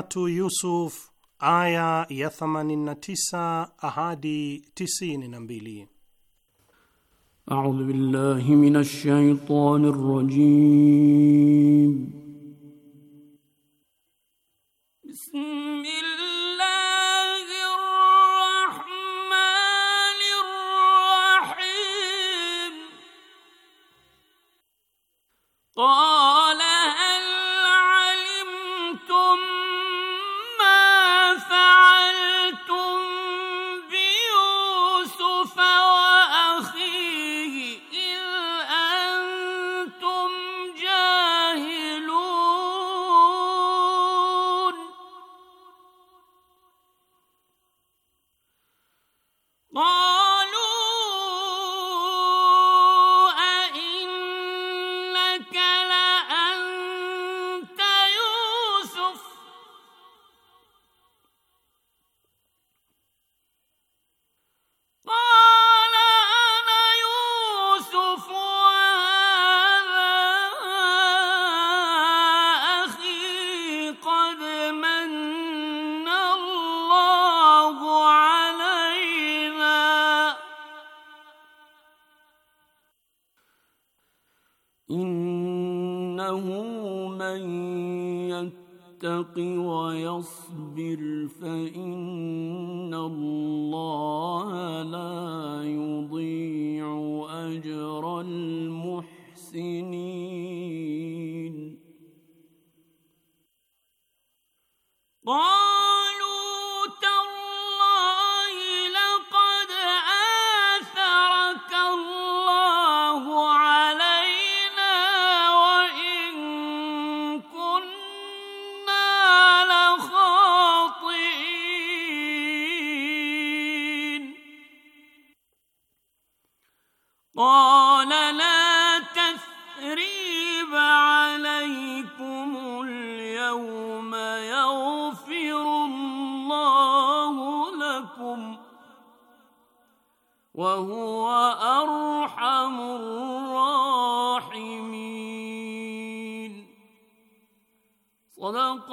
Suratu Yusuf aya ya 89 hadi 92. A'udhu billahi minash shaitani rrajim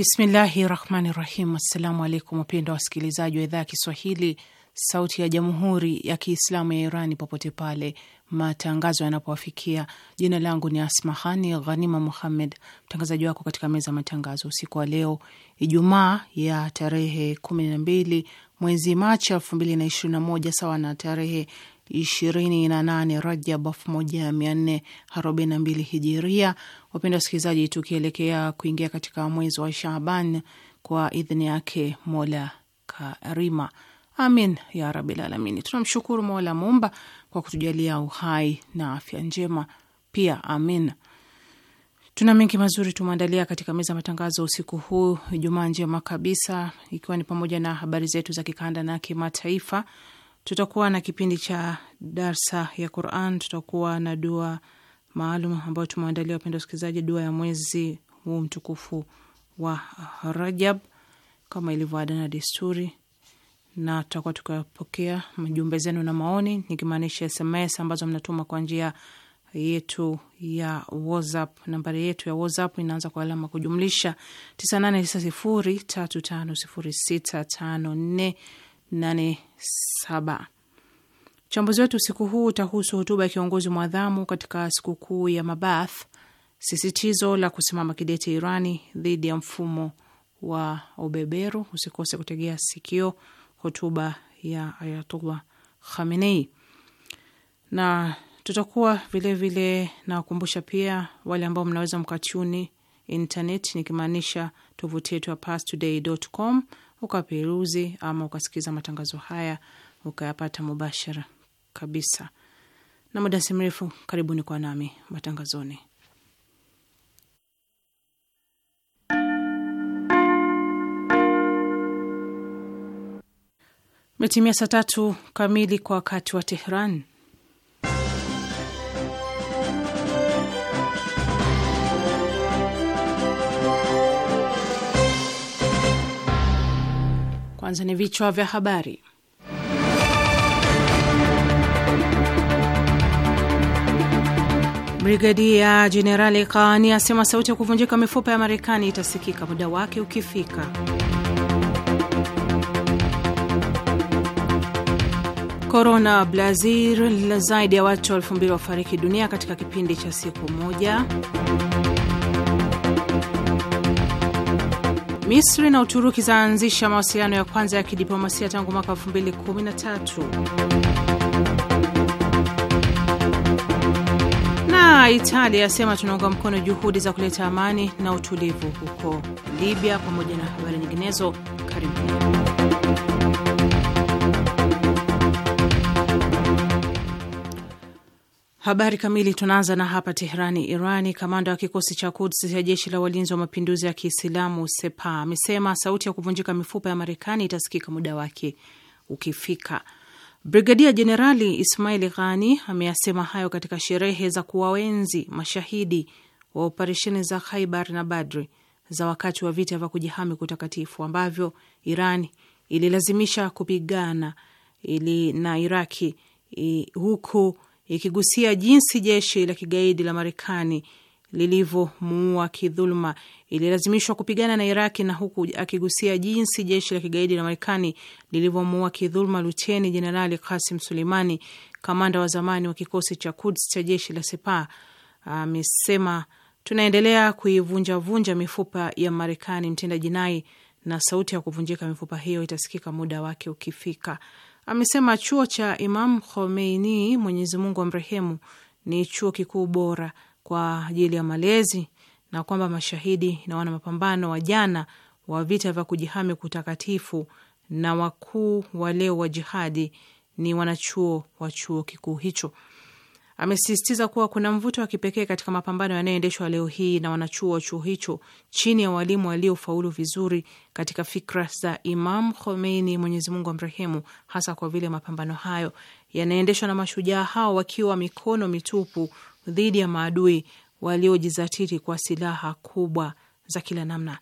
Bismillahi rahmani rahim. Assalamu alaikum wapendwa wasikilizaji wa idhaa ya Kiswahili sauti ya jamhuri ya Kiislamu ya Irani popote pale matangazo yanapowafikia. Jina langu ni Asmahani Ghanima Muhammed, mtangazaji wako katika meza ya matangazo usiku wa leo Ijumaa ya tarehe kumi na mbili mwezi Machi elfu mbili na ishirini na moja sawa na tarehe ishirini na nane Rajab elfu moja mia nne arobaini na mbili hijiria. Wapenda wasikilizaji, tukielekea kuingia katika mwezi wa Shaban kwa idhini yake Mola Karima, amin ya rabil alamini. Tunamshukuru Mola Mumba kwa kutujalia uhai na afya njema pia, amin. Tuna mengi mazuri tumeandalia katika meza ya matangazo usiku huu, Ijumaa njema kabisa, ikiwa ni pamoja na habari zetu za kikanda na kimataifa tutakuwa na kipindi cha darsa ya Quran, tutakuwa na dua maalum ambayo tumeandalia wapenda wasikilizaji, dua ya mwezi huu mtukufu wa Rajab kama ilivyo ada na desturi, na tutakuwa tukapokea jumbe zenu na maoni, nikimaanisha SMS ambazo mnatuma kwa njia yetu ya WhatsApp. Nambari yetu ya WhatsApp inaanza kwa alama kujumlisha nne. 87. Uchambuzi wetu usiku huu utahusu hotuba ya kiongozi mwadhamu katika sikukuu ya Mabath, sisitizo la kusimama kidete Irani dhidi ya mfumo wa ubeberu. Usikose kutegea sikio hotuba ya Ayatullah Khamenei, na tutakuwa vilevile nawakumbusha pia wale ambao mnaweza mkachuni intaneti, nikimaanisha tovuti yetu ya pastoday.com ukaperuzi ama ukasikiza matangazo haya ukayapata mubashara kabisa, na muda si mrefu karibuni kwa nami matangazoni. Metimia saa tatu kamili kwa wakati wa Tehran Kwanza ni vichwa vya habari. Brigadia Jenerali Kaani asema sauti ya kuvunjika mifupa ya Marekani itasikika muda wake ukifika. Korona Brazil, zaidi ya watu elfu mbili wafariki dunia katika kipindi cha siku moja. Misri na Uturuki zaanzisha mawasiliano ya kwanza ya kidiplomasia tangu mwaka 2013. Na Italia yasema tunaunga mkono juhudi za kuleta amani na utulivu huko Libya, pamoja na habari nyinginezo. Karibuni. Habari kamili tunaanza na hapa Teherani, Irani. Kamanda wa kikosi cha kudsi ya jeshi la walinzi wa mapinduzi ya Kiislamu Sepa amesema sauti ya kuvunjika mifupa ya Marekani itasikika muda wake ukifika. Brigadia Jenerali Ismail Ghani ameyasema hayo katika sherehe za kuwaenzi mashahidi wa operesheni za Khaibar na Badri za wakati wa vita vya kujihami kutakatifu ambavyo Iran ililazimisha kupigana ili na Iraki i, eh, huku ikigusia jinsi jeshi la kigaidi la Marekani lilivyomuua kidhuluma, ililazimishwa kupigana na Iraki, na huku akigusia jinsi jeshi la kigaidi la Marekani lilivyomuua kidhuluma Luteni Jenerali Kasim Suleimani, kamanda wa zamani wa kikosi cha Kuds cha jeshi la Sepa, amesema tunaendelea kuivunjavunja mifupa ya Marekani mtenda jinai, na sauti ya kuvunjika mifupa hiyo itasikika muda wake ukifika amesema chuo cha Imam Khomeini, Mwenyezi Mungu amrehemu, ni chuo kikuu bora kwa ajili ya malezi na kwamba mashahidi na wana mapambano wa jana wa vita vya kujihami kutakatifu na wakuu wa leo wa jihadi ni wanachuo wa chuo kikuu hicho amesisitiza kuwa kuna mvuto wa kipekee katika mapambano yanayoendeshwa leo hii na wanachuo wa chuo hicho chini ya walimu waliofaulu vizuri katika fikra za Imam Khomeini, Mwenyezi Mungu amrehemu, hasa kwa vile mapambano hayo yanaendeshwa na mashujaa hao wakiwa mikono mitupu dhidi ya maadui waliojizatiti kwa silaha kubwa za kila namna.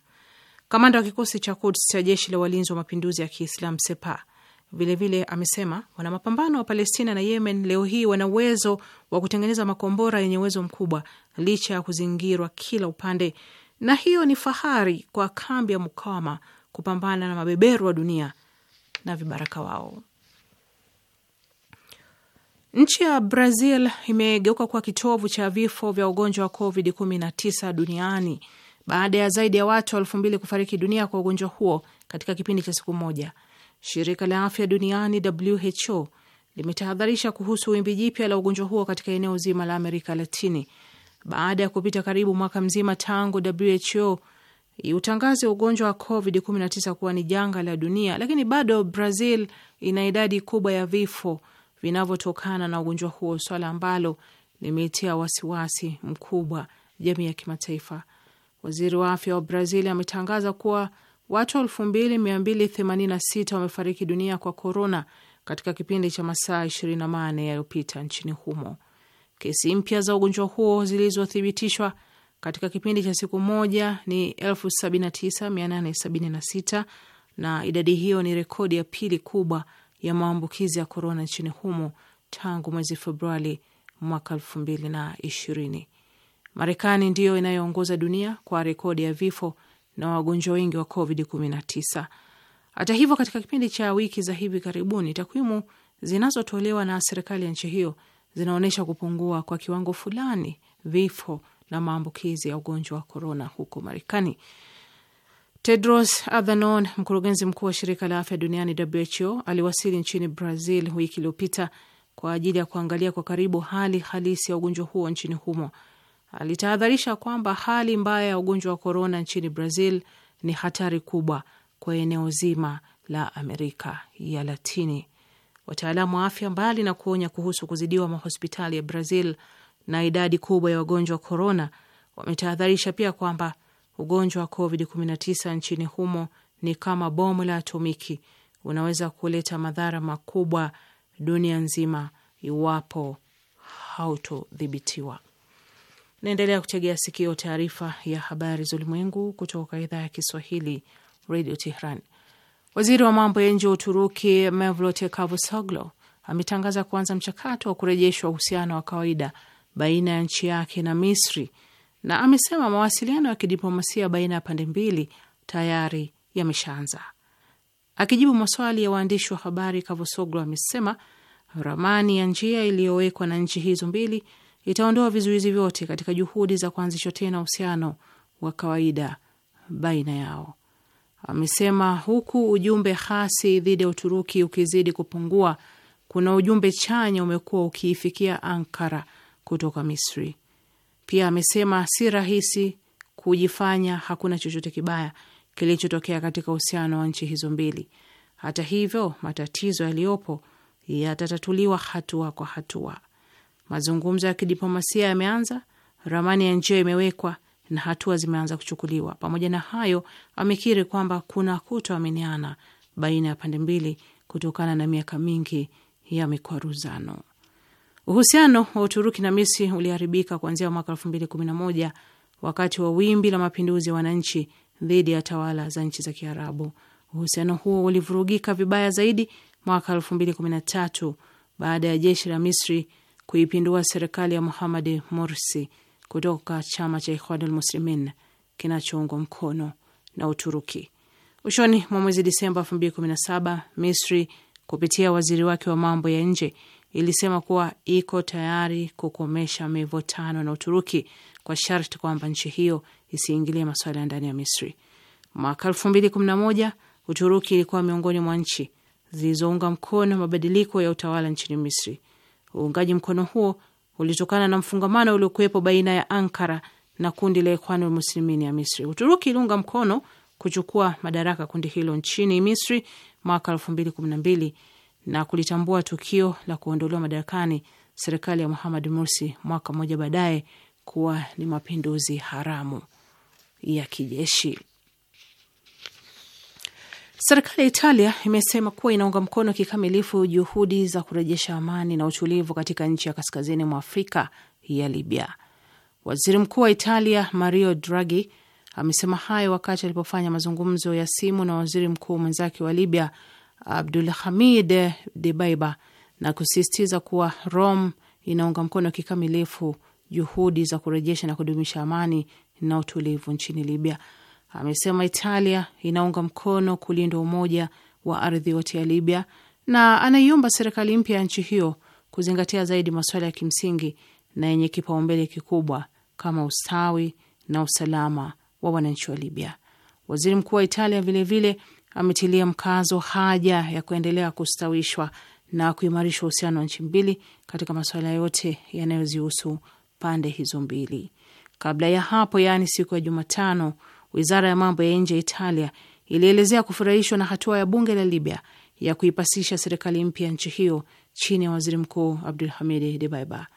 Kamanda wa kikosi cha Kuds cha jeshi la walinzi wa mapinduzi ya Kiislamu Sepa Vilevile amesema wanamapambano wa Palestina na Yemen leo hii wana uwezo wa kutengeneza makombora yenye uwezo mkubwa licha ya kuzingirwa kila upande, na hiyo ni fahari kwa kambi ya mukawama kupambana na mabeberu wa dunia na vibaraka wao. Nchi ya Brazil imegeuka kuwa kitovu cha vifo vya ugonjwa wa COVID-19 duniani baada ya zaidi ya watu elfu mbili kufariki dunia kwa ugonjwa huo katika kipindi cha siku moja. Shirika la afya duniani WHO limetahadharisha kuhusu wimbi jipya la ugonjwa huo katika eneo zima la Amerika Latini baada ya kupita karibu mwaka mzima tangu WHO iutangaze ugonjwa wa COVID-19 kuwa ni janga la dunia, lakini bado Brazil ina idadi kubwa ya vifo vinavyotokana na ugonjwa huo, swala ambalo limeitia wasiwasi mkubwa jamii ya kimataifa. Waziri wa afya wa Brazil ametangaza kuwa Watu 2286 wamefariki dunia kwa korona katika kipindi cha masaa 28 yaliyopita nchini humo. Kesi mpya za ugonjwa huo zilizothibitishwa katika kipindi cha siku moja ni 79876 na idadi hiyo ni rekodi ya pili kubwa ya maambukizi ya korona nchini humo tangu mwezi Februari mwaka 2020. Marekani ndiyo inayoongoza dunia kwa rekodi ya vifo na wagonjwa wengi wa COVID-19. Hata hivyo, katika kipindi cha wiki za hivi karibuni, takwimu zinazotolewa na serikali ya nchi hiyo zinaonyesha kupungua kwa kiwango fulani vifo na maambukizi ya ugonjwa wa korona huko Marekani. Tedros Adhanom, mkurugenzi mkuu wa shirika la afya duniani WHO, aliwasili nchini Brazil wiki iliyopita kwa ajili ya kuangalia kwa karibu hali halisi ya ugonjwa huo nchini humo alitahadharisha kwamba hali mbaya ya ugonjwa wa korona nchini Brazil ni hatari kubwa kwa eneo zima la Amerika ya Latini. Wataalamu wa afya, mbali na kuonya kuhusu kuzidiwa mahospitali ya Brazil na idadi kubwa ya wagonjwa wa korona, wametahadharisha pia kwamba ugonjwa wa COVID-19 nchini humo ni kama bomu la atomiki, unaweza kuleta madhara makubwa dunia nzima iwapo hautodhibitiwa. Naendelea kutegea sikio taarifa ya habari za ulimwengu kutoka idhaa ya Kiswahili, Radio Tehran. Waziri wa mambo ya nje wa Uturuki Mevlut Cavusoglu ametangaza kuanza mchakato wa kurejeshwa uhusiano wa kawaida baina ya nchi yake na Misri, na amesema mawasiliano ya kidiplomasia baina ya pande mbili tayari yameshaanza. Akijibu maswali ya waandishi wa habari, Cavusoglu amesema ramani ya njia iliyowekwa na nchi hizo mbili itaondoa vizuizi vyote katika juhudi za kuanzishwa tena uhusiano wa kawaida baina yao, amesema. Huku ujumbe hasi dhidi ya Uturuki ukizidi kupungua, kuna ujumbe chanya umekuwa ukiifikia Ankara kutoka Misri. Pia amesema si rahisi kujifanya hakuna chochote kibaya kilichotokea katika uhusiano wa nchi hizo mbili. Hata hivyo, matatizo yaliyopo yatatatuliwa hatua kwa hatua. Mazungumzo ya kidiplomasia yameanza, ramani ya njia imewekwa na hatua zimeanza kuchukuliwa. Pamoja na hayo, amekiri kwamba kuna kutoaminiana baina ya pande mbili kutokana na miaka mingi ya mikwaruzano. Uhusiano wa Uturuki na Misri uliharibika kuanzia mwaka elfu mbili kumi na moja wakati wa wimbi la mapinduzi ya wananchi dhidi ya tawala za nchi za Kiarabu. Uhusiano huo ulivurugika vibaya zaidi mwaka elfu mbili kumi na tatu baada ya jeshi la Misri kuipindua serikali ya Muhamadi Morsi kutoka chama cha Ikhwanul Muslimin kinachoungwa mkono na Uturuki. Mwishoni mwa mwezi Disemba 2017 Misri kupitia waziri wake wa mambo ya nje ilisema kuwa iko tayari kukomesha mivutano na Uturuki kwa sharti kwamba nchi hiyo isiingilie masuala ya ndani ya Misri. Mwaka 2011 Uturuki ilikuwa miongoni mwa nchi zilizounga mkono mabadiliko ya utawala nchini Misri. Uungaji mkono huo ulitokana na mfungamano uliokuwepo baina ya Ankara na kundi la Ikhwanul Muslimin ya Misri. Uturuki iliunga mkono kuchukua madaraka kundi hilo nchini Misri mwaka 2012 na kulitambua tukio la kuondolewa madarakani serikali ya Muhammad Mursi mwaka mmoja baadaye kuwa ni mapinduzi haramu ya kijeshi. Serikali ya Italia imesema kuwa inaunga mkono kikamilifu juhudi za kurejesha amani na utulivu katika nchi ya kaskazini mwa Afrika ya Libya. Waziri mkuu wa Italia Mario Draghi amesema hayo wakati alipofanya mazungumzo ya simu na waziri mkuu mwenzake wa Libya Abdul Hamid Debaiba na kusisitiza kuwa Rome inaunga mkono kikamilifu juhudi za kurejesha na kudumisha amani na utulivu nchini Libya amesema Italia inaunga mkono kulinda umoja wa ardhi yote ya Libya na anaiomba serikali mpya ya nchi hiyo kuzingatia zaidi masuala ya kimsingi na yenye kipaumbele kikubwa kama ustawi na usalama wa wananchi wa Libya. Waziri mkuu wa Italia vilevile ametilia mkazo haja ya kuendelea kustawishwa na kuimarisha uhusiano wa nchi mbili katika masuala yote yanayozihusu pande hizo mbili. Kabla ya hapo, yaani siku ya Jumatano, Wizara ya mambo ya nje ya Italia ilielezea kufurahishwa na hatua ya bunge la Libya ya kuipasisha serikali mpya nchi hiyo chini ya waziri mkuu Abdul Hamid Debaiba.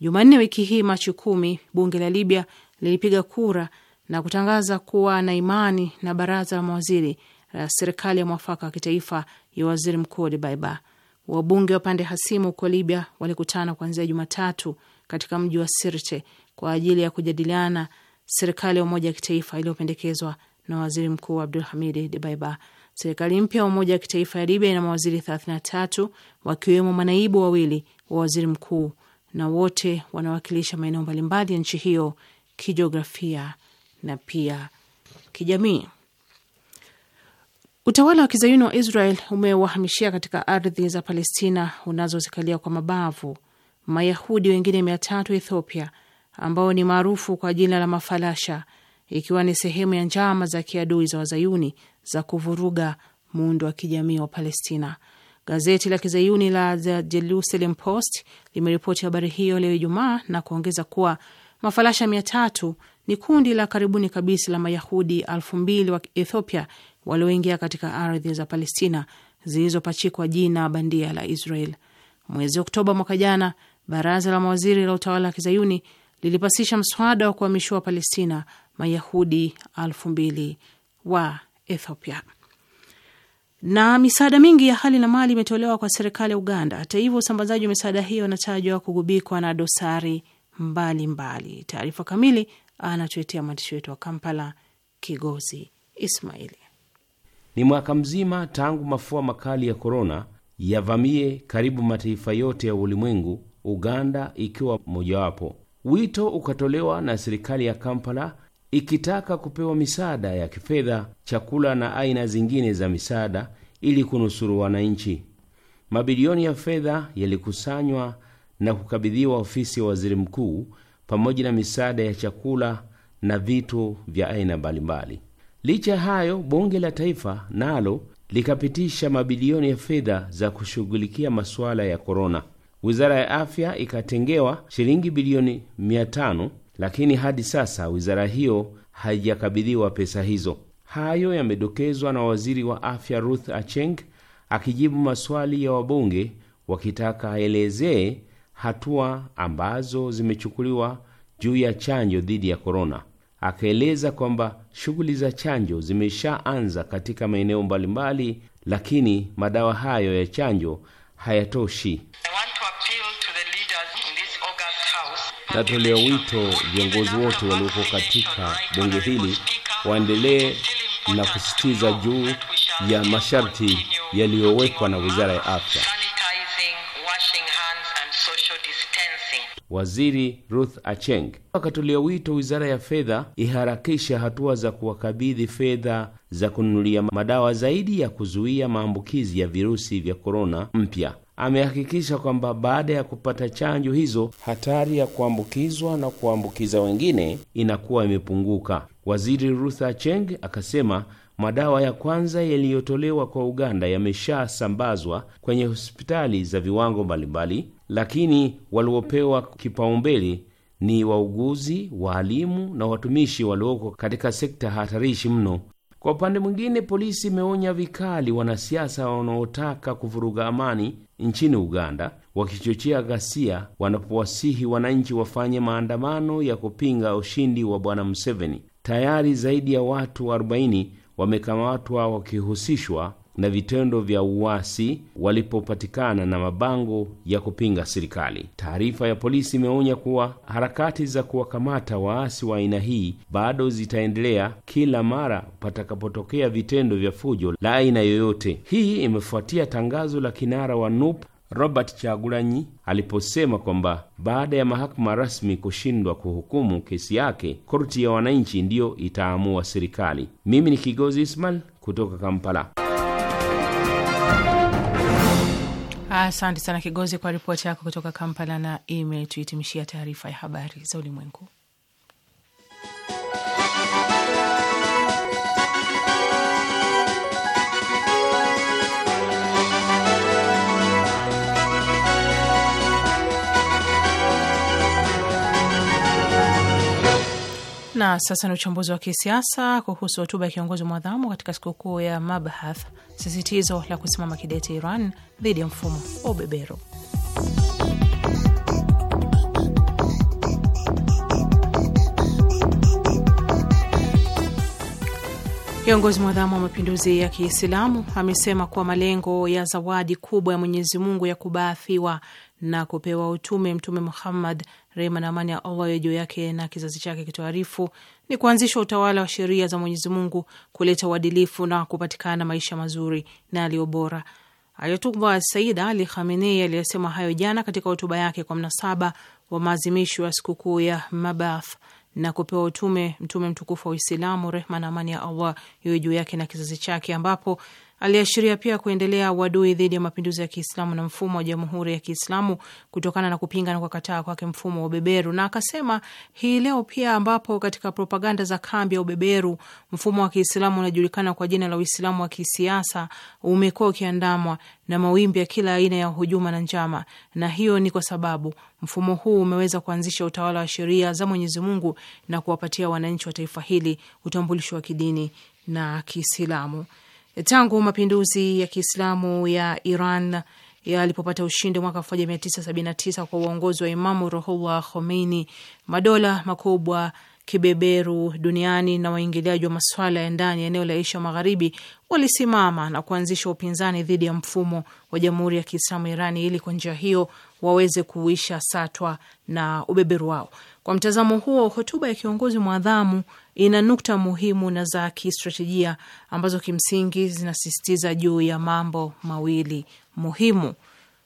Jumanne wiki hii, Machi kumi, bunge la Libya lilipiga kura na kutangaza kuwa na imani na baraza la mawaziri la serikali ya mwafaka wa kitaifa ya waziri mkuu Debaiba. Wabunge wa pande hasimu huko Libya walikutana kuanzia Jumatatu katika mji wa Sirte kwa ajili ya kujadiliana serikali ya umoja wa kitaifa iliyopendekezwa na waziri mkuu Abdul Hamid Debaiba. Serikali mpya ya umoja wa kitaifa ya Libya ina mawaziri 33 wakiwemo manaibu wawili wa waziri mkuu na wote wanawakilisha maeneo mbalimbali ya nchi hiyo kijiografia na pia kijamii. Utawala wa kizayuni wa Israel umewahamishia katika ardhi za Palestina unazozikalia kwa mabavu Mayahudi wengine mia tatu Ethiopia ambao ni maarufu kwa jina la mafalasha, ikiwa ni sehemu ya njama za kiadui za wazayuni za kuvuruga muundo wa kijamii wa Palestina. Gazeti la kizayuni la The Jerusalem Post limeripoti habari hiyo leo Ijumaa na kuongeza kuwa mafalasha mia tatu ni kundi la karibuni kabisa la Mayahudi elfu mbili wa Ethiopia walioingia katika ardhi za Palestina zilizopachikwa jina bandia la Israel. Mwezi Oktoba mwaka jana, baraza la mawaziri la utawala wa kizayuni lilipasisha mswada wa kuhamishiwa Palestina Mayahudi elfu mbili wa Ethiopia. Na misaada mingi ya hali na mali imetolewa kwa serikali ya Uganda. Hata hivyo, usambazaji wa misaada hiyo unatajwa kugubikwa na dosari mbalimbali. Taarifa kamili anatuetea mwandishi wetu wa Kampala, Kigozi Ismaili. Ni mwaka mzima tangu mafua makali ya korona yavamie karibu mataifa yote ya ulimwengu, Uganda ikiwa mojawapo. Wito ukatolewa na serikali ya Kampala ikitaka kupewa misaada ya kifedha, chakula na aina zingine za misaada ili kunusuru wananchi. Mabilioni ya fedha yalikusanywa na kukabidhiwa ofisi ya waziri mkuu pamoja na misaada ya chakula na vitu vya aina mbalimbali. Licha ya hayo, bunge la taifa nalo likapitisha mabilioni ya fedha za kushughulikia masuala ya korona. Wizara ya afya ikatengewa shilingi bilioni 500, lakini hadi sasa wizara hiyo haijakabidhiwa pesa hizo. Hayo yamedokezwa na waziri wa afya Ruth Acheng akijibu maswali ya wabunge wakitaka aelezee hatua ambazo zimechukuliwa juu ya chanjo dhidi ya korona. Akaeleza kwamba shughuli za chanjo zimeshaanza katika maeneo mbalimbali, lakini madawa hayo ya chanjo hayatoshi. Natolea wito viongozi wote walioko katika bunge hili waendelee na kusitiza juu ya masharti yaliyowekwa na Wizara ya Afya. Waziri Ruth Acheng akatolia wito wizara ya fedha iharakisha hatua za kuwakabidhi fedha za kununulia madawa zaidi ya kuzuia maambukizi ya virusi vya korona mpya amehakikisha kwamba baada ya kupata chanjo hizo hatari ya kuambukizwa na kuambukiza wengine inakuwa imepunguka. Waziri Ruth Aceng akasema madawa ya kwanza yaliyotolewa kwa Uganda yameshasambazwa kwenye hospitali za viwango mbalimbali, lakini waliopewa kipaumbele ni wauguzi, waalimu na watumishi walioko katika sekta hatarishi mno kwa upande mwingine, polisi imeonya vikali wanasiasa wanaotaka kuvuruga amani nchini Uganda, wakichochea ghasia wanapowasihi wananchi wafanye maandamano ya kupinga ushindi wa Bwana Museveni. Tayari zaidi ya watu 40 wamekamatwa wakihusishwa na vitendo vya uasi walipopatikana na mabango ya kupinga serikali. Taarifa ya polisi imeonya kuwa harakati za kuwakamata waasi wa aina hii bado zitaendelea kila mara patakapotokea vitendo vya fujo la aina yoyote. Hii imefuatia tangazo la kinara wa NUP Robert Chagulanyi aliposema kwamba baada ya mahakama rasmi kushindwa kuhukumu kesi yake, korti ya wananchi ndiyo itaamua serikali. Mimi ni Kigozi Ismail kutoka Kampala. Asante sana Kigozi kwa ripoti yako kutoka Kampala, na imetuhitimishia taarifa ya habari za ulimwengu. Na sasa ni uchambuzi wa kisiasa kuhusu hotuba ya kiongozi mwadhamu katika sikukuu ya Mabhath, sisitizo la kusimama kidete Iran dhidi ya mfumo wa ubeberu. Kiongozi mwadhamu wa mapinduzi ya Kiislamu amesema kuwa malengo ya zawadi kubwa ya Mwenyezi Mungu ya kubaathiwa na kupewa utume Mtume Muhammad rehma na amani ya Allah iwe juu yake na kizazi chake kitoarifu, ni kuanzisha utawala wa sheria za Mwenyezi Mungu, kuleta uadilifu na kupatikana maisha mazuri na yaliyo bora. Ayatullah Sayyid Ali Khamenei aliyesema hayo jana katika hotuba yake kwa mnasaba wa maadhimisho ya sikukuu ya Mabath na kupewa utume Mtume mtukufu wa Uislamu, rehma na amani ya Allah iwe juu yake na kizazi chake, ambapo Aliashiria pia kuendelea uadui dhidi ya mapinduzi ya Kiislamu na mfumo wa jamhuri ya Kiislamu kutokana na kupinga na kukataa kwake mfumo wa ubeberu, na akasema hii leo pia ambapo katika propaganda za kambi ya ubeberu mfumo wa Kiislamu unajulikana kwa jina la Uislamu wa kisiasa umekuwa ukiandamwa na mawimbi ya kila aina ya hujuma na njama, na hiyo ni kwa sababu mfumo huu umeweza kuanzisha utawala wa sheria za Mwenyezi Mungu na kuwapatia wananchi wa taifa hili utambulisho wa kidini na Kiislamu tangu mapinduzi ya Kiislamu ya Iran yalipopata ushindi mwaka 1979 kwa uongozi wa Imamu Ruhullah Khomeini, madola makubwa kibeberu duniani na waingiliaji wa masuala ya ndani ya eneo la Asia Magharibi walisimama na kuanzisha upinzani dhidi ya mfumo wa Jamhuri ya Kiislamu Irani, ili kwa njia hiyo waweze kuisha satwa na ubeberu wao. Kwa mtazamo huo, hotuba ya kiongozi mwadhamu ina nukta muhimu na za kistratejia ambazo kimsingi zinasisitiza juu ya mambo mawili muhimu.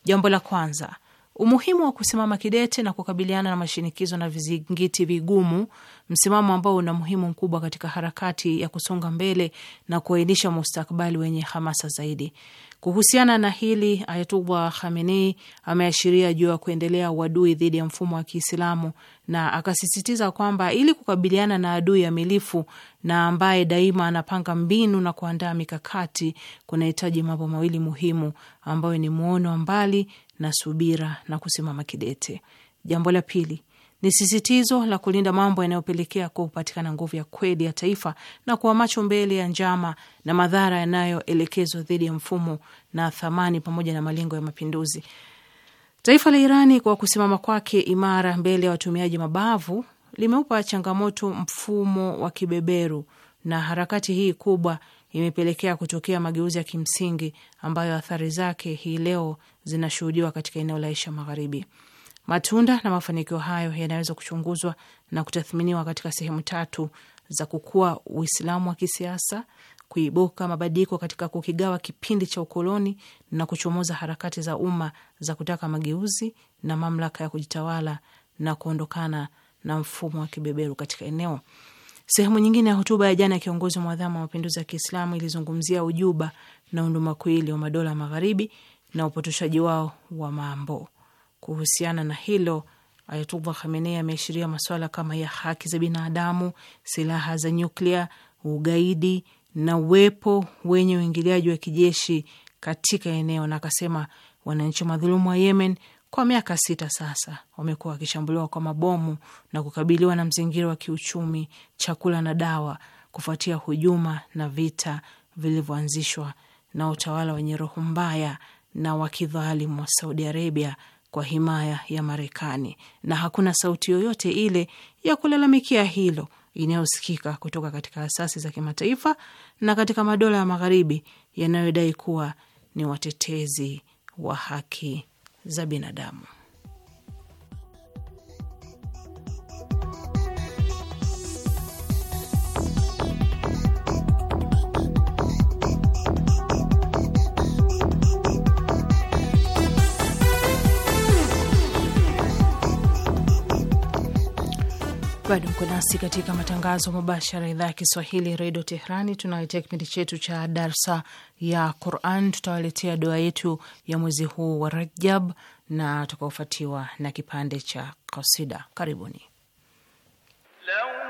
Jambo la kwanza, umuhimu wa kusimama kidete na kukabiliana na mashinikizo na vizingiti vigumu, msimamo ambao una muhimu mkubwa katika harakati ya kusonga mbele na kuainisha mustakabali wenye hamasa zaidi. Kuhusiana na hili, Ayatullah Khamenei ameashiria juu ya kuendelea uadui dhidi ya mfumo wa Kiislamu na akasisitiza kwamba ili kukabiliana na adui amilifu na ambaye daima anapanga mbinu na kuandaa mikakati, kunahitaji mambo mawili muhimu ambayo ni muono wa mbali na subira na kusimama kidete. Jambo la pili ni sisitizo la kulinda mambo yanayopelekea kupatikana nguvu ya kweli ya taifa na kuwa macho mbele ya njama na madhara yanayoelekezwa dhidi ya mfumo na thamani pamoja na malengo ya mapinduzi. Taifa la Irani kwa kusimama kwake imara mbele ya watumiaji mabavu limeupa changamoto mfumo wa kibeberu, na harakati hii kubwa imepelekea kutokea mageuzi ya kimsingi ambayo athari zake hii leo zinashuhudiwa katika eneo la Asia Magharibi. Matunda na mafanikio hayo yanaweza kuchunguzwa na kutathminiwa katika sehemu tatu za kukua Uislamu wa kisiasa, kuibuka mabadiliko katika kukigawa kipindi cha ukoloni na kuchomoza harakati za umma za kutaka mageuzi na mamlaka ya kujitawala na kuondokana na mfumo wa kibeberu katika eneo. Sehemu nyingine ya hotuba ya jana ya kiongozi wa mwadhamu wa mapinduzi ya Kiislamu ilizungumzia ujuba na undumakuili wa madola magharibi na upotoshaji wao wa mambo. Kuhusiana na hilo, Ayatullah Khamenei ameashiria masuala kama ya haki za binadamu, silaha za nyuklia, ugaidi na uwepo wenye uingiliaji wa kijeshi katika eneo, na akasema wananchi madhulumu wa Yemen kwa miaka sita sasa wamekuwa wakishambuliwa kwa mabomu na kukabiliwa na mzingira wa kiuchumi, chakula na dawa, kufuatia hujuma na vita vilivyoanzishwa na utawala wenye roho mbaya na wakidhalimu wa Saudi Arabia kwa himaya ya Marekani, na hakuna sauti yoyote ile ya kulalamikia hilo inayosikika kutoka katika asasi za kimataifa na katika madola ya magharibi yanayodai kuwa ni watetezi wa haki za binadamu. Bado mko nasi katika matangazo mubashara ya idhaa ya Kiswahili redio Teherani. Tunaletea kipindi chetu cha darsa ya Quran. Tutawaletea doa yetu ya mwezi huu wa Rajab na tukaofuatiwa na kipande cha kasida. Karibuni Law.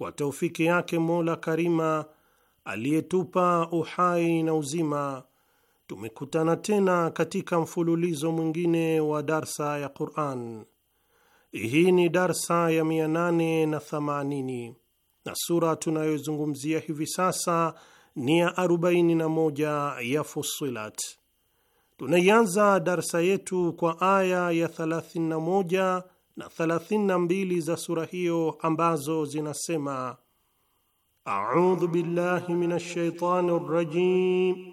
kwa taufiki yake Mola Karima aliyetupa uhai na uzima, tumekutana tena katika mfululizo mwingine wa darsa ya Quran. Hii ni darsa ya 880 na sura tunayozungumzia hivi sasa ni ya 41 ya Fusilat. Tunaianza darsa yetu kwa aya ya 31 na 32 za sura hiyo ambazo zinasema: audhu billahi minash shaitani rajim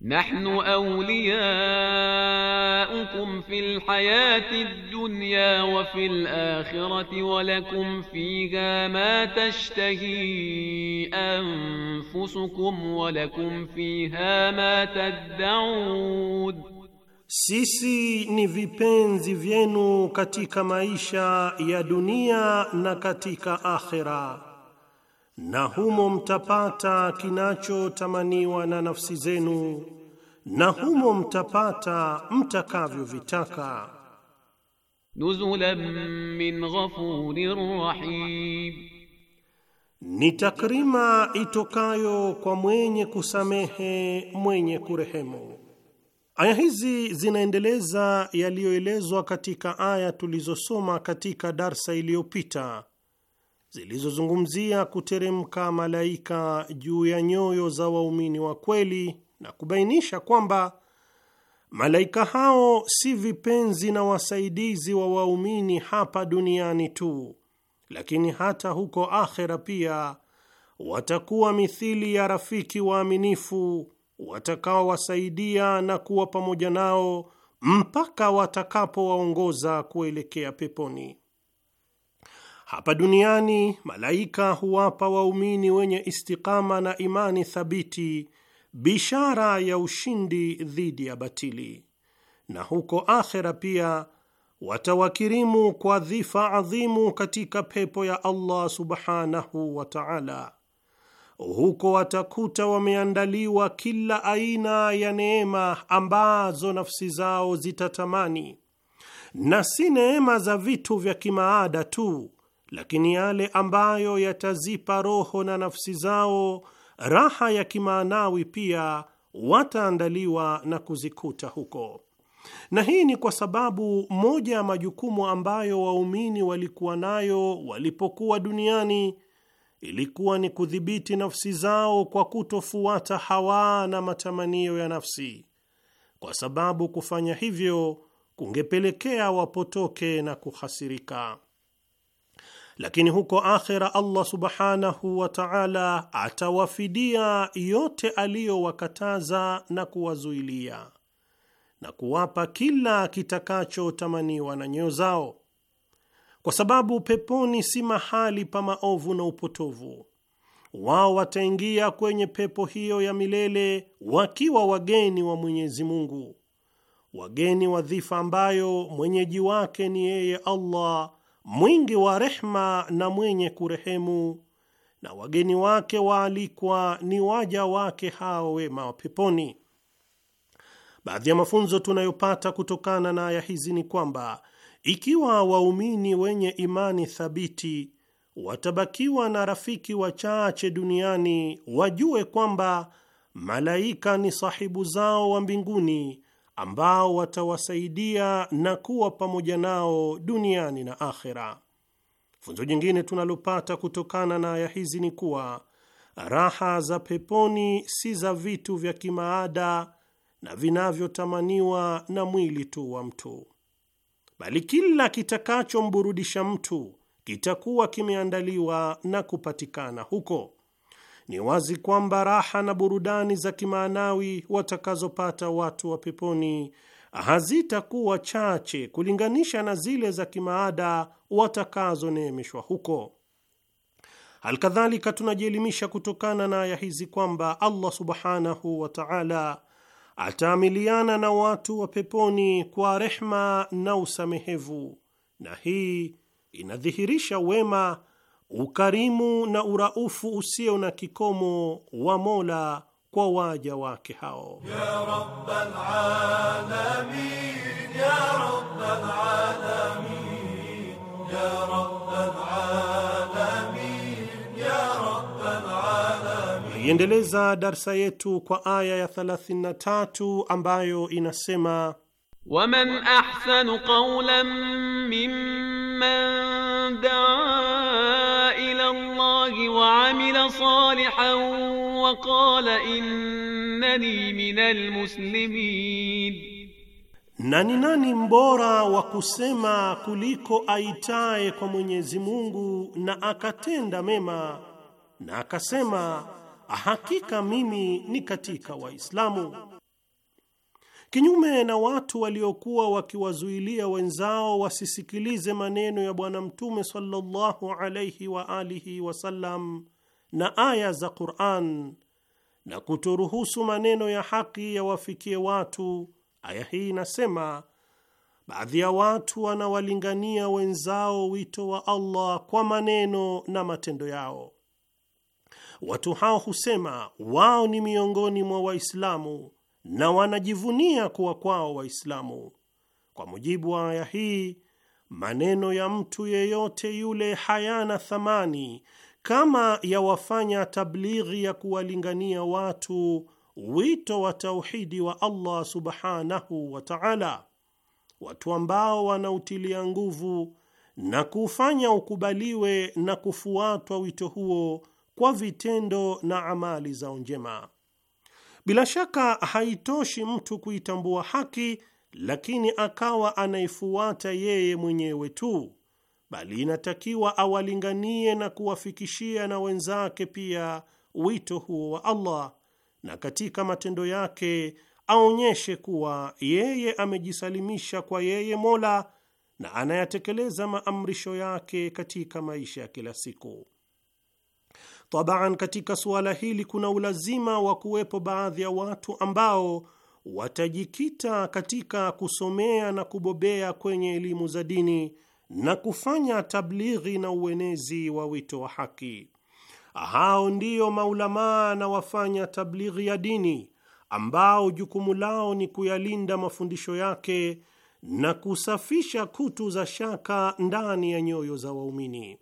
Nahnu awliyaukum fil hayati dunya wa fil akhirati wa lakum fiha ma tashtahi anfusukum wa lakum fiha ma tad'un Sisi ni vipenzi vyenu katika maisha ya dunia na katika akhera, na humo mtapata kinachotamaniwa na nafsi zenu, na humo mtapata mtakavyovitaka. Nuzulan min ghafurir rahim, ni takrima itokayo kwa mwenye kusamehe mwenye kurehemu. Aya hizi zinaendeleza yaliyoelezwa katika aya tulizosoma katika darsa iliyopita zilizozungumzia kuteremka malaika juu ya nyoyo za waumini wa kweli na kubainisha kwamba malaika hao si vipenzi na wasaidizi wa waumini hapa duniani tu, lakini hata huko akhera pia watakuwa mithili ya rafiki waaminifu watakaowasaidia na kuwa pamoja nao mpaka watakapowaongoza kuelekea peponi. Hapa duniani malaika huwapa waumini wenye istikama na imani thabiti bishara ya ushindi dhidi ya batili, na huko akhera pia watawakirimu kwa dhifa adhimu katika pepo ya Allah subhanahu wa ta'ala huko watakuta wameandaliwa kila aina ya neema ambazo nafsi zao zitatamani, na si neema za vitu vya kimaada tu, lakini yale ambayo yatazipa roho na nafsi zao raha ya kimaanawi pia wataandaliwa na kuzikuta huko. Na hii ni kwa sababu moja ya majukumu ambayo waumini walikuwa nayo walipokuwa duniani ilikuwa ni kudhibiti nafsi zao kwa kutofuata hawa na matamanio ya nafsi, kwa sababu kufanya hivyo kungepelekea wapotoke na kuhasirika. Lakini huko akhera, Allah subhanahu wa ta'ala atawafidia yote aliyowakataza na kuwazuilia na kuwapa kila kitakachotamaniwa na nyoyo zao kwa sababu peponi si mahali pa maovu na upotovu. Wao wataingia kwenye pepo hiyo ya milele wakiwa wageni wa Mwenyezi Mungu, wageni wa dhifa ambayo mwenyeji wake ni yeye Allah, mwingi wa rehma na mwenye kurehemu, na wageni wake waalikwa ni waja wake hao wema wa peponi. Baadhi ya mafunzo tunayopata kutokana na aya hizi ni kwamba ikiwa waumini wenye imani thabiti watabakiwa na rafiki wachache duniani, wajue kwamba malaika ni sahibu zao wa mbinguni ambao watawasaidia na kuwa pamoja nao duniani na akhera. Funzo jingine tunalopata kutokana na aya hizi ni kuwa raha za peponi si za vitu vya kimaada na vinavyotamaniwa na mwili tu wa mtu bali kila kitakachomburudisha mtu kitakuwa kimeandaliwa na kupatikana huko. Ni wazi kwamba raha na burudani za kimaanawi watakazopata watu wa peponi hazitakuwa chache kulinganisha na zile za kimaada watakazoneemeshwa huko. Alkadhalika, tunajielimisha kutokana na aya hizi kwamba Allah subhanahu wa taala ataamiliana na watu wa peponi kwa rehma na usamehevu, na hii inadhihirisha wema, ukarimu na uraufu usio na kikomo wa Mola kwa waja wake hao ya ya Rabbal Alamin, ya Rabbal Alamin. Tunaiendeleza darsa yetu kwa aya ya 33 ambayo inasema waman ahsanu qawlan mimman daa ila Allahi wa amila salihan wa qala innani minal muslimin na ni nani mbora wa kusema kuliko aitaye kwa Mwenyezi Mungu na akatenda mema na akasema hakika mimi ni katika Waislamu. Kinyume na watu waliokuwa wakiwazuilia wenzao wasisikilize maneno ya Bwana Mtume sallallahu alaihi wa alihi wasallam na aya za Quran na kutoruhusu maneno ya haki yawafikie watu, aya hii inasema baadhi ya watu wanawalingania wenzao wito wa Allah kwa maneno na matendo yao. Watu hao husema wao ni miongoni mwa Waislamu na wanajivunia kuwa kwao Waislamu. Kwa mujibu wa aya hii, maneno ya mtu yeyote yule hayana thamani kama yawafanya tablighi ya kuwalingania watu wito wa tauhidi wa Allah subhanahu wa ta'ala, watu ambao wanautilia nguvu na kuufanya ukubaliwe na kufuatwa wito huo kwa vitendo na amali zao njema. Bila shaka haitoshi mtu kuitambua haki, lakini akawa anaifuata yeye mwenyewe tu, bali inatakiwa awalinganie na kuwafikishia na wenzake pia wito huo wa Allah, na katika matendo yake aonyeshe kuwa yeye amejisalimisha kwa yeye Mola na anayatekeleza maamrisho yake katika maisha ya kila siku. Tabaan, katika suala hili kuna ulazima wa kuwepo baadhi ya watu ambao watajikita katika kusomea na kubobea kwenye elimu za dini na kufanya tablighi na uenezi wa wito wa haki. Hao ndiyo maulamaa na wafanya tablighi ya dini ambao jukumu lao ni kuyalinda mafundisho yake na kusafisha kutu za shaka ndani ya nyoyo za waumini.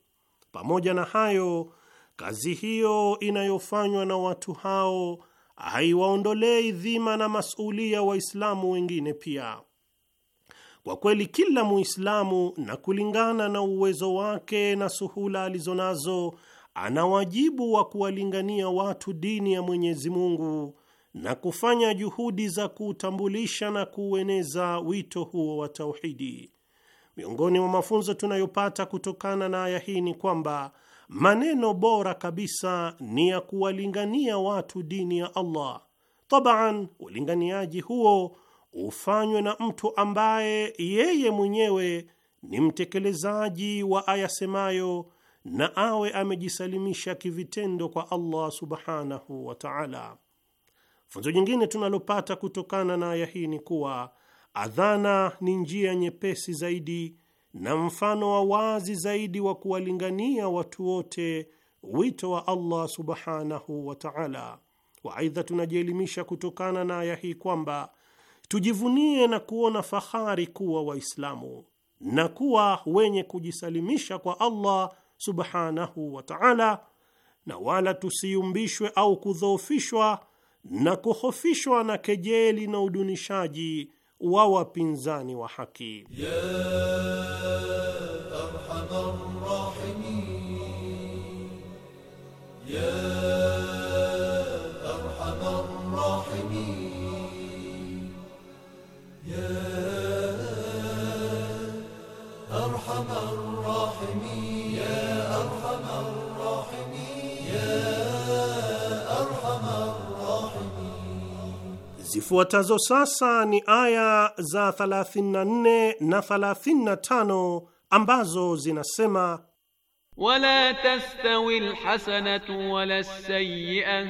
Pamoja na hayo Kazi hiyo inayofanywa na watu hao haiwaondolei dhima na masulia Waislamu wengine pia. Kwa kweli, kila Muislamu na kulingana na uwezo wake na suhula alizo nazo, ana wajibu wa kuwalingania watu dini ya Mwenyezi Mungu na kufanya juhudi za kuutambulisha na kuueneza wito huo wa tauhidi. Miongoni mwa mafunzo tunayopata kutokana na aya hii ni kwamba maneno bora kabisa ni ya kuwalingania watu dini ya Allah. Tabaan, ulinganiaji huo ufanywe na mtu ambaye yeye mwenyewe ni mtekelezaji wa ayasemayo na awe amejisalimisha kivitendo kwa Allah subhanahu wa ta'ala. Funzo jingine tunalopata kutokana na aya hii ni kuwa adhana ni njia nyepesi zaidi na mfano wa wazi zaidi wa kuwalingania watu wote wito wa Allah subhanahu wa ta'ala. Waaidha, tunajielimisha kutokana na aya hii kwamba tujivunie na kuona fahari kuwa Waislamu na kuwa wenye kujisalimisha kwa Allah subhanahu wa ta'ala, na wala tusiumbishwe au kudhoofishwa na kuhofishwa na kejeli na udunishaji wa wapinzani wa haki ya arhamar rahimin ya arhamar rahimin Zifuatazo sasa ni aya za 34 na 35 ambazo zinasema: wala tastawi alhasanatu wala sayyi'a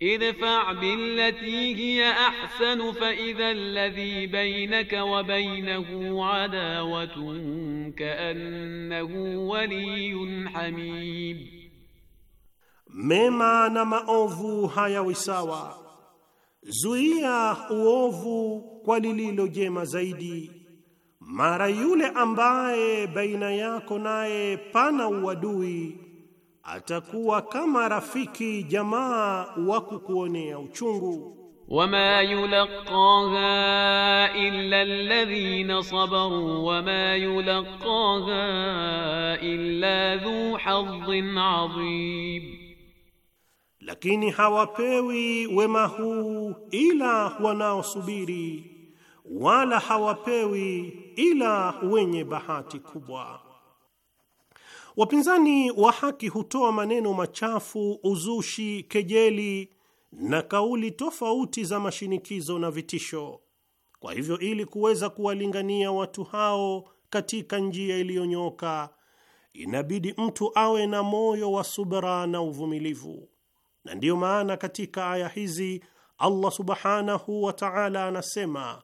idfa' billati hiya ahsanu fa idha alladhi baynaka wa baynahu adawatun ka'annahu waliyyun hamim, mema na maovu hayawi sawa zuia uovu kwa lililo jema zaidi, mara yule ambaye baina yako naye pana uadui atakuwa kama rafiki jamaa wa kukuonea uchungu. wama yulqaha illa alladhina sabaru wama yulqaha illa dhu hadhin adhim lakini hawapewi wema huu ila wanaosubiri, wala hawapewi ila wenye bahati kubwa. Wapinzani wa haki hutoa maneno machafu, uzushi, kejeli na kauli tofauti za mashinikizo na vitisho. Kwa hivyo, ili kuweza kuwalingania watu hao katika njia iliyonyoka, inabidi mtu awe na moyo wa subra na uvumilivu. Na ndiyo maana katika aya hizi Allah subhanahu wa ta'ala anasema,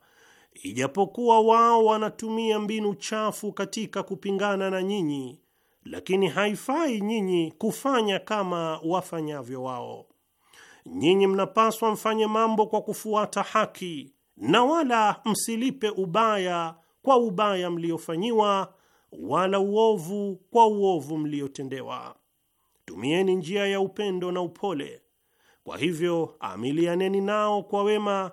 ijapokuwa wao wanatumia mbinu chafu katika kupingana na nyinyi, lakini haifai nyinyi kufanya kama wafanyavyo wao. Nyinyi mnapaswa mfanye mambo kwa kufuata haki na wala msilipe ubaya kwa ubaya mliofanyiwa, wala uovu kwa uovu mliotendewa tumieni njia ya upendo na upole. Kwa hivyo amilianeni nao kwa wema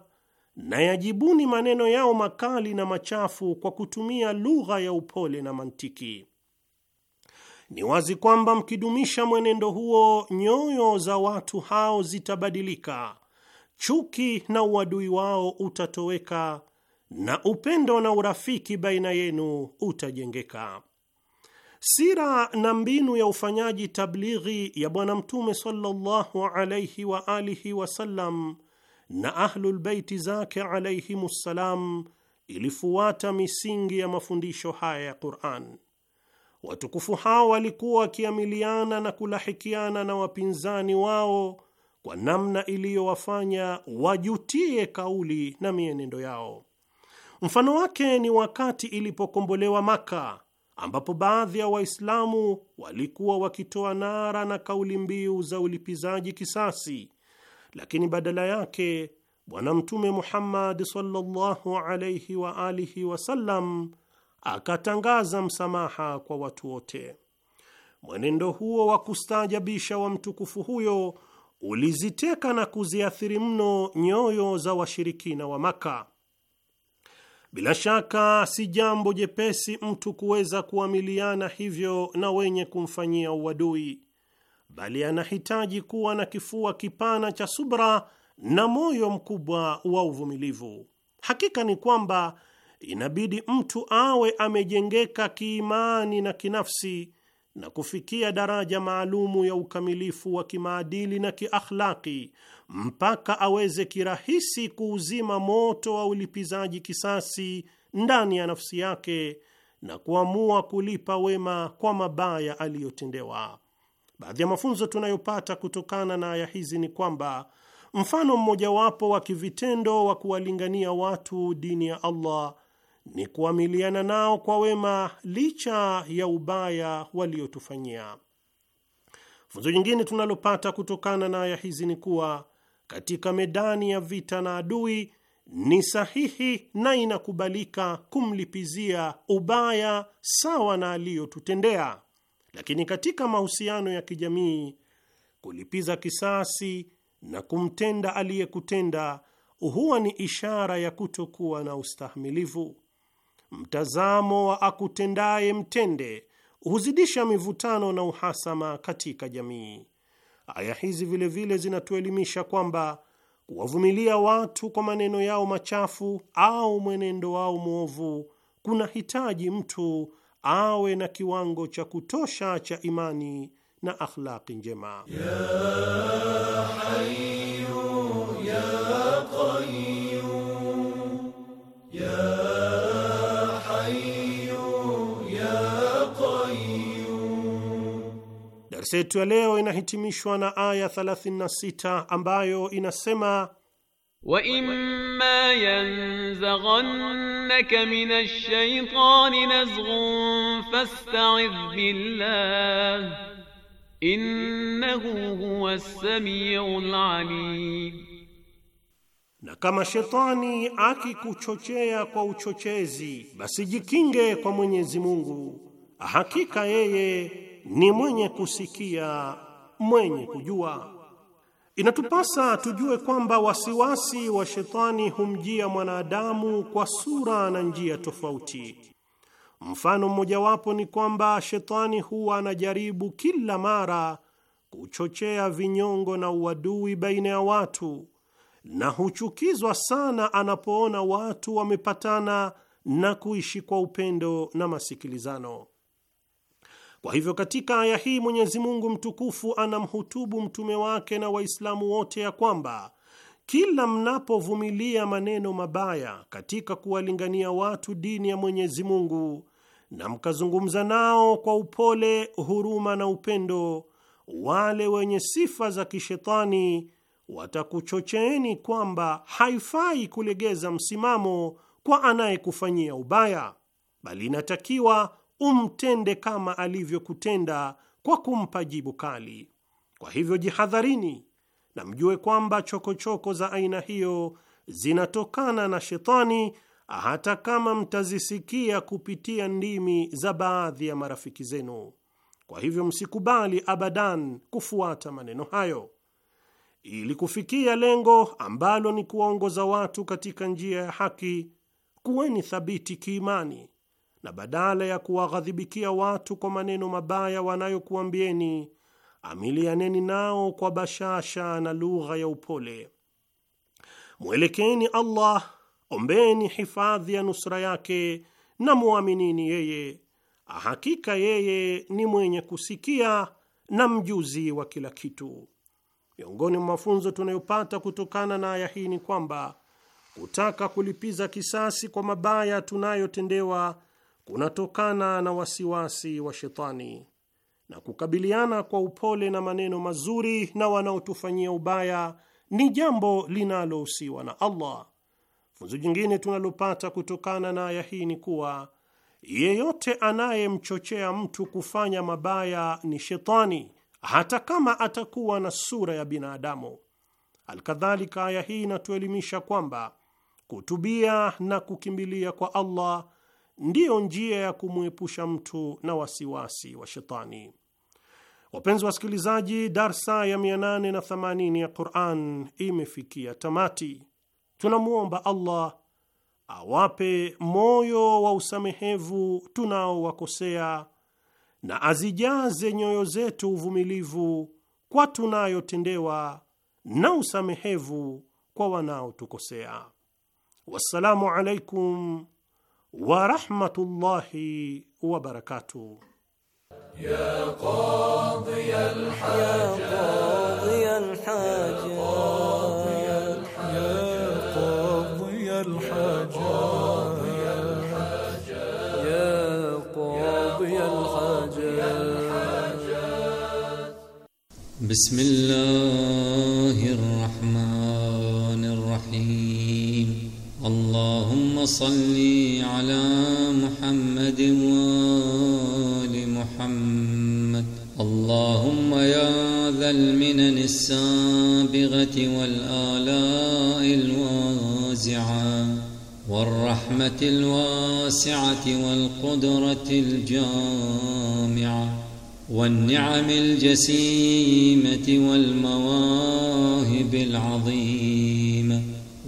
na yajibuni maneno yao makali na machafu kwa kutumia lugha ya upole na mantiki. Ni wazi kwamba mkidumisha mwenendo huo, nyoyo za watu hao zitabadilika, chuki na uadui wao utatoweka, na upendo na urafiki baina yenu utajengeka. Sira na mbinu ya ufanyaji tablighi ya Bwana Mtume sallallahu alaihi wa alihi wasallam na Ahlulbeiti zake alaihimussalam ilifuata misingi ya mafundisho haya ya Quran. Watukufu hao walikuwa wakiamiliana na kulahikiana na wapinzani wao kwa namna iliyowafanya wajutie kauli na mienendo yao. Mfano wake ni wakati ilipokombolewa Maka ambapo baadhi ya Waislamu walikuwa wakitoa nara na kauli mbiu za ulipizaji kisasi, lakini badala yake Bwana Mtume Muhammad sallallahu alayhi wa alihi wasallam akatangaza msamaha kwa watu wote. Mwenendo huo wa kustaajabisha wa mtukufu huyo uliziteka na kuziathiri mno nyoyo za washirikina wa Maka bila shaka si jambo jepesi mtu kuweza kuamiliana hivyo na wenye kumfanyia uadui, bali anahitaji kuwa na kifua kipana cha subra na moyo mkubwa wa uvumilivu. Hakika ni kwamba inabidi mtu awe amejengeka kiimani na kinafsi na kufikia daraja maalumu ya ukamilifu wa kimaadili na kiakhlaki mpaka aweze kirahisi kuuzima moto wa ulipizaji kisasi ndani ya nafsi yake na kuamua kulipa wema kwa mabaya aliyotendewa. Baadhi ya mafunzo tunayopata kutokana na aya hizi ni kwamba mfano mmojawapo wa kivitendo wa kuwalingania watu dini ya Allah ni kuamiliana nao kwa wema licha ya ubaya waliotufanyia. Funzo jingine tunalopata kutokana na aya hizi ni kuwa katika medani ya vita na adui, ni sahihi na inakubalika kumlipizia ubaya sawa na aliyotutendea. Lakini katika mahusiano ya kijamii, kulipiza kisasi na kumtenda aliyekutenda huwa ni ishara ya kutokuwa na ustahimilivu. Mtazamo wa akutendaye mtende huzidisha mivutano na uhasama katika jamii. Aya hizi vilevile zinatuelimisha kwamba kuwavumilia watu kwa maneno yao machafu au mwenendo wao mwovu kuna hitaji mtu awe na kiwango cha kutosha cha imani na akhlaqi njema ya hayu, ya Darsa yetu ya leo inahitimishwa na aya 36 ambayo inasema wa imma yanzaghannaka ash-shaytani nazghun fasta'idh billah innahu huwas samiul alim, na kama shetani akikuchochea kwa uchochezi, basi jikinge kwa Mwenyezi Mungu, hakika yeye ni mwenye kusikia, mwenye kujua. Inatupasa tujue kwamba wasiwasi wa shetani humjia mwanadamu kwa sura na njia tofauti. Mfano mmojawapo ni kwamba shetani huwa anajaribu kila mara kuchochea vinyongo na uadui baina ya watu, na huchukizwa sana anapoona watu wamepatana na kuishi kwa upendo na masikilizano. Kwa hivyo katika aya hii Mwenyezi Mungu mtukufu anamhutubu mtume wake na Waislamu wote ya kwamba kila mnapovumilia maneno mabaya katika kuwalingania watu dini ya Mwenyezi Mungu na mkazungumza nao kwa upole, huruma na upendo, wale wenye sifa za kishetani watakuchocheeni kwamba haifai kulegeza msimamo kwa anayekufanyia ubaya, bali inatakiwa umtende kama alivyokutenda kwa kumpa jibu kali. Kwa hivyo jihadharini na mjue kwamba chokochoko choko za aina hiyo zinatokana na shetani, hata kama mtazisikia kupitia ndimi za baadhi ya marafiki zenu. Kwa hivyo msikubali abadan kufuata maneno hayo. Ili kufikia lengo ambalo ni kuwaongoza watu katika njia ya haki, kuweni thabiti kiimani na badala ya kuwaghadhibikia watu kwa maneno mabaya wanayokuambieni, amilianeni nao kwa bashasha na lugha ya upole. Mwelekeni Allah, ombeni hifadhi ya nusra yake na muaminini yeye, hakika yeye ni mwenye kusikia na mjuzi wa kila kitu. Miongoni mwa mafunzo tunayopata kutokana na aya hii ni kwamba kutaka kulipiza kisasi kwa mabaya tunayotendewa kunatokana na wasiwasi wa shetani, na kukabiliana kwa upole na maneno mazuri na wanaotufanyia ubaya ni jambo linalohusiwa na Allah. Funzo jingine tunalopata kutokana na aya hii ni kuwa yeyote anayemchochea mtu kufanya mabaya ni shetani, hata kama atakuwa na sura ya binadamu. Alkadhalika, aya hii inatuelimisha kwamba kutubia na kukimbilia kwa Allah ndiyo njia ya kumwepusha mtu na wasiwasi wa shetani. Wapenzi wasikilizaji, darsa ya 880 ya Quran imefikia tamati. Tunamwomba Allah awape moyo wa usamehevu tunaowakosea na azijaze nyoyo zetu uvumilivu kwa tunayotendewa na usamehevu kwa wanaotukosea. Wassalamu alaikum ورحمة الله وبركاته يا قاضي الحاجات يا قاضي الحاجات يا قاضي الحاجات يا قاضي الحاجات بسم الله وصل على محمد وآل محمد اللهم يا ذا المنن السابغة والآلاء الوازعة والرحمة الواسعة والقدرة الجامعة والنعم الجسيمة والمواهب العظيمة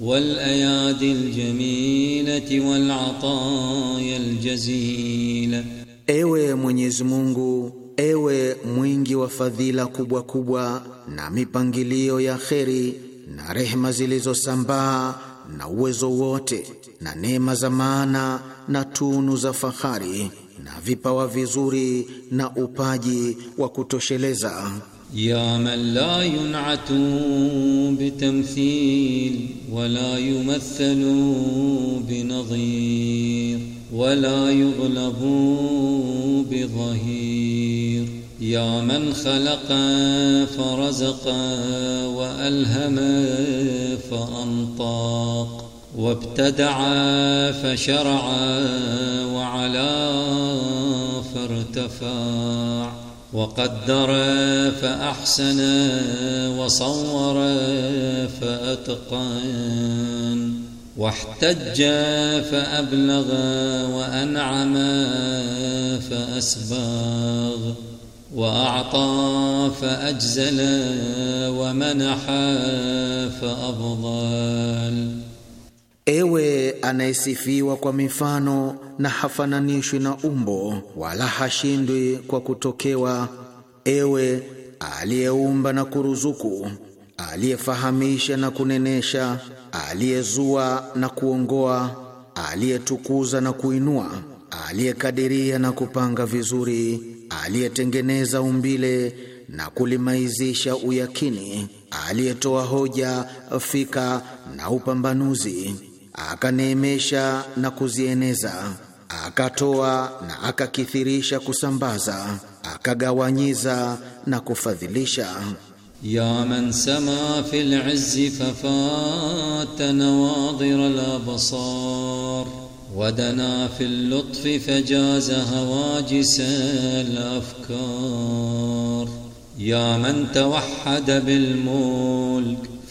والأيادي الجميلة والعطايا الجزيلة Ewe Mwenyezi Mungu, ewe mwingi wa fadhila kubwa kubwa na mipangilio ya kheri na rehema zilizosambaa na uwezo wote na neema za maana na tunu za fahari na vipawa vizuri na upaji wa kutosheleza. يا من لا ينعت بتمثيل ولا يمثل بنظير ولا يغلب بظهير يا من خلق فرزق وألهم فأنطاق وابتدع فشرع وعلا فارتفع وقدر فأحسن وصور فأتقن واحتج فأبلغ وأنعم فأسباغ وأعطى فأجزل ومنح فأفضل Ewe anayesifiwa kwa mifano na hafananishwi na umbo wala hashindwi kwa kutokewa, ewe aliyeumba na kuruzuku, aliyefahamisha na kunenesha, aliyezua na kuongoa, aliyetukuza na kuinua, aliyekadiria na kupanga vizuri, aliyetengeneza umbile na kulimaizisha uyakini, aliyetoa hoja, fika na upambanuzi akaneemesha na kuzieneza, akatoa na akakithirisha kusambaza, akagawanyiza na kufadhilisha. ya man sama fil izzi fafata nawadhir al absar wadana fil lutfi fajaza hawajis al afkar ya man tawahhada bil mulk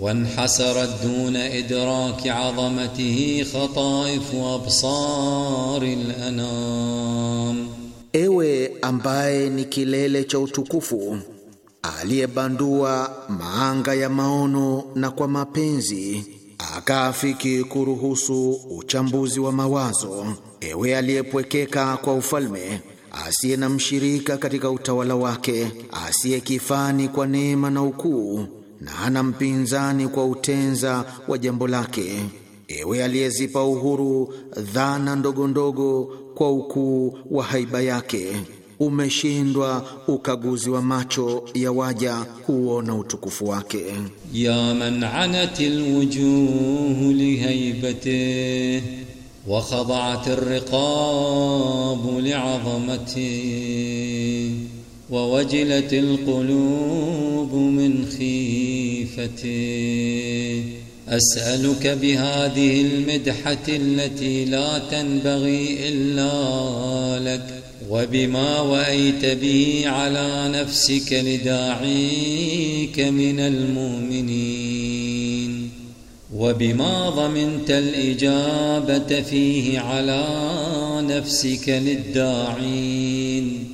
وانحسرت دون إدراك عظمته خطائف أبصار الأنام Ewe ambaye ni kilele cha utukufu aliyebandua maanga ya maono na kwa mapenzi akaafiki kuruhusu uchambuzi wa mawazo. Ewe aliyepwekeka kwa ufalme, asiye na mshirika katika utawala wake, asiye kifani kwa neema na ukuu na hana mpinzani kwa utenza wa jambo lake. Ewe aliyezipa uhuru dhana ndogo ndogo kwa ukuu wa haiba yake, umeshindwa ukaguzi wa macho ya waja kuona utukufu wake. ya man anati alwujuh lihaibatihi wa khada'at alriqab li'azamati ووجلت القلوب من خيفته أسألك بهذه المدحة التي لا تنبغي إلا لك وبما وأيت به على نفسك لداعيك من المؤمنين وبما ضمنت الإجابة فيه على نفسك للداعين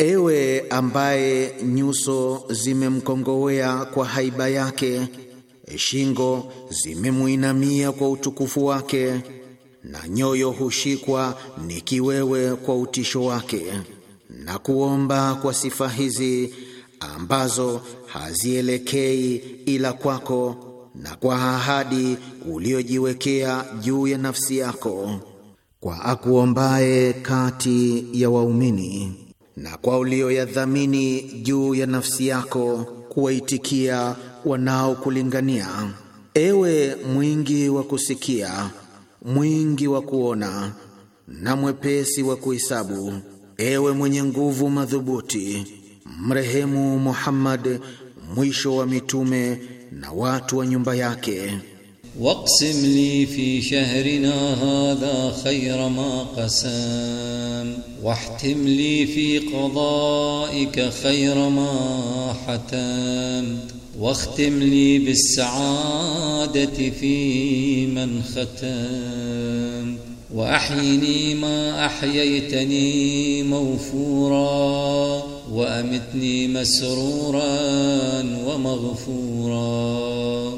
Ewe ambaye nyuso zimemkongowea kwa haiba yake, shingo zimemwinamia kwa utukufu wake, na nyoyo hushikwa ni kiwewe kwa utisho wake, na kuomba kwa sifa hizi ambazo hazielekei ila kwako na kwa ahadi uliojiwekea juu ya nafsi yako, kwa akuombaye kati ya waumini na kwa ulioyadhamini juu ya nafsi yako kuwaitikia wanaokulingania. Ewe mwingi wa kusikia, mwingi wa kuona na mwepesi wa kuhesabu, ewe mwenye nguvu madhubuti, mrehemu Muhammad mwisho wa mitume na watu wa nyumba yake. واقسم لي في شهرنا هذا خير ما قسام واحتم لي في قضائك خير ما حتام واختم لي بالسعادة في من ختام وأحيني ما أحييتني موفورا وأمتني مسرورا ومغفورا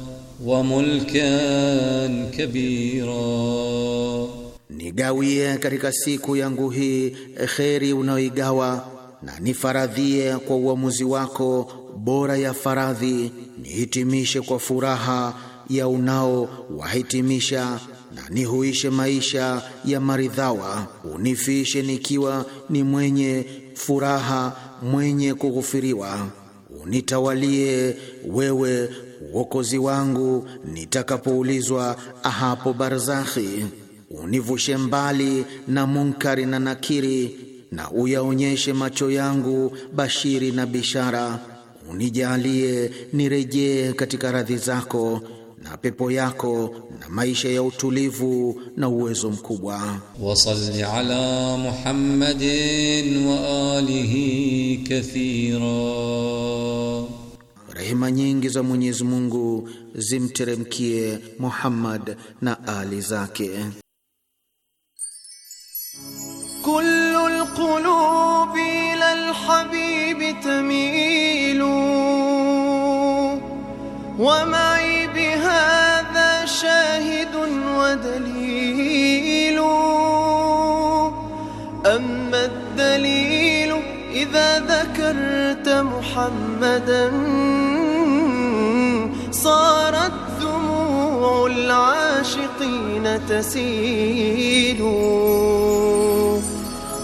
wamulkan kabira, nigawie katika siku yangu hii kheri unayoigawa, na nifaradhie kwa uamuzi wako bora ya faradhi, nihitimishe kwa furaha ya unaowahitimisha na nihuishe maisha ya maridhawa, unifishe nikiwa ni mwenye furaha, mwenye kughufiriwa, unitawalie wewe uokozi wangu nitakapoulizwa hapo barzakhi, univushe mbali na munkari na nakiri, na uyaonyeshe macho yangu bashiri na bishara, unijalie nirejee katika radhi zako na pepo yako na maisha ya utulivu na uwezo mkubwa. Wasalli ala Muhammadin wa alihi kathira Rehema nyingi za Mwenyezi Mungu zimteremkie Muhammad na ali zake. Kullul qulubi ilal habibi tamilu wa ma bi hadha shahidun wa dalilu amma ad-dalilu إذا ذكرت محمدا صارت دموع العاشقين تسيل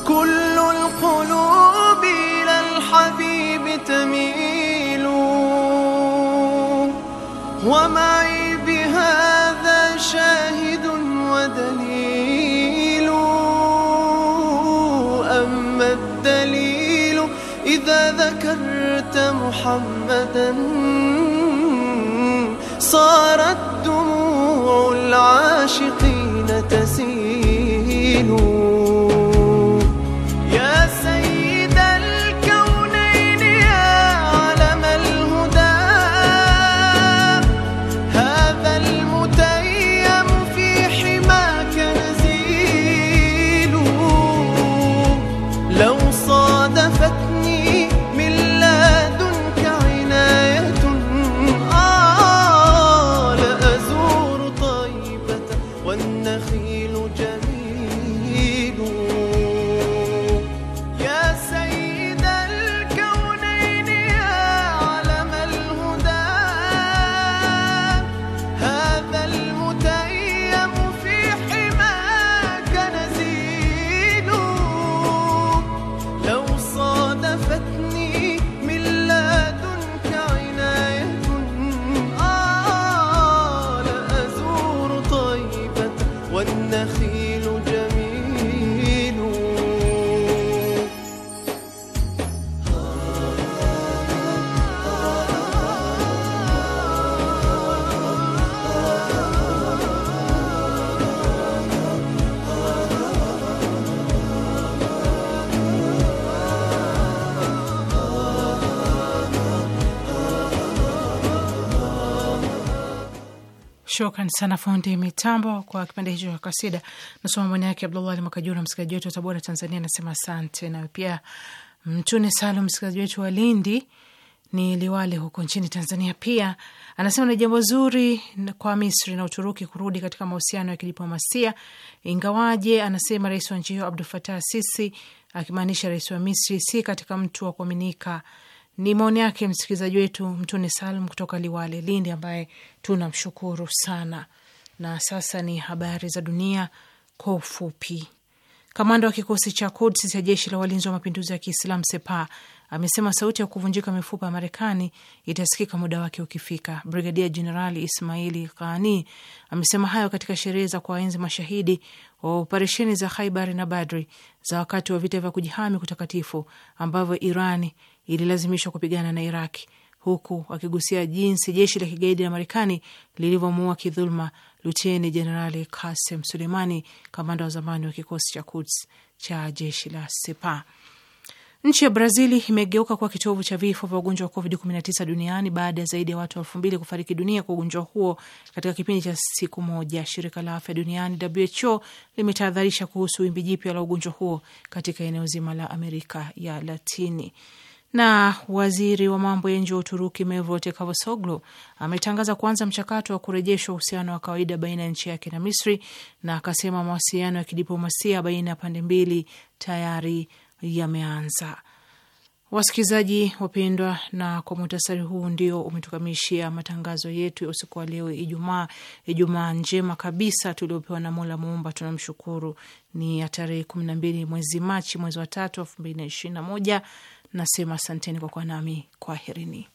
كل القلوب إلى الحبيب تميل ومعي بهذا شاهد ودليل محمدا صارت دموع العاشقين تسيل Shukran sana fundi mitambo kwa kipande hicho cha kasida. Nasoma maoni yake Abdullah Ali Makajura, msikilizaji wetu wa Tabora, Tanzania, anasema asante. Na pia Mtune Salum, msikilizaji wetu wa Lindi ni Liwale huko nchini Tanzania, pia anasema ni jambo zuri kwa Misri na Uturuki kurudi katika mahusiano ya kidiplomasia, ingawaje anasema rais wa nchi hiyo Abdul Fatah Sisi, akimaanisha rais wa Misri, si katika mtu wa kuaminika ni maoni yake msikilizaji wetu Mtune Salum kutoka Liwale, Lindi, ambaye tunamshukuru sana. Na sasa ni habari za dunia kwa ufupi. Kamanda wa kikosi cha Quds cha jeshi la walinzi wa mapinduzi ya Kiislamu Sepa amesema sauti ya kuvunjika mifupa ya Marekani itasikika muda wake ukifika. Brigadia Jenerali Ismaili Kaani amesema hayo katika sherehe za kuwaenzi mashahidi wa operesheni za Haibar na Badri za wakati wa vita vya kujihami kutakatifu ambavyo Irani ililazimishwa kupigana na Iraq, huku akigusia jinsi jeshi la kigaidi la Marekani lilivyomuua kidhuluma luteni jenerali Kasem Suleimani, kamanda wa zamani wa kikosi cha Kuds cha jeshi la Sepa. Nchi ya Brazili imegeuka kuwa kitovu cha vifo vya ugonjwa wa COVID-19 duniani baada ya zaidi ya watu elfu mbili kufariki dunia kwa ugonjwa huo katika kipindi cha siku moja. Shirika la afya duniani WHO limetahadharisha kuhusu wimbi jipya la ugonjwa huo katika eneo zima la Amerika ya Latini. Na waziri wa mambo ya nje wa Uturuki Mevlut Cavusoglu ametangaza kuanza mchakato wa kurejeshwa uhusiano wa kawaida baina ya nchi yake na Misri, na akasema mawasiliano ya kidiplomasia baina ya pande mbili tayari yameanza. Wasikilizaji wapendwa, na kwa muhtasari huu ndio umetukamishia matangazo yetu ya usiku wa leo Ijumaa. Ijumaa njema kabisa tuliopewa na Mola Muumba, tunamshukuru. Ni ya tarehe kumi na mbili mwezi Machi, mwezi wa tatu elfu mbili na ishirini na moja Nasema asanteni kwa kuwa nami, kwaherini.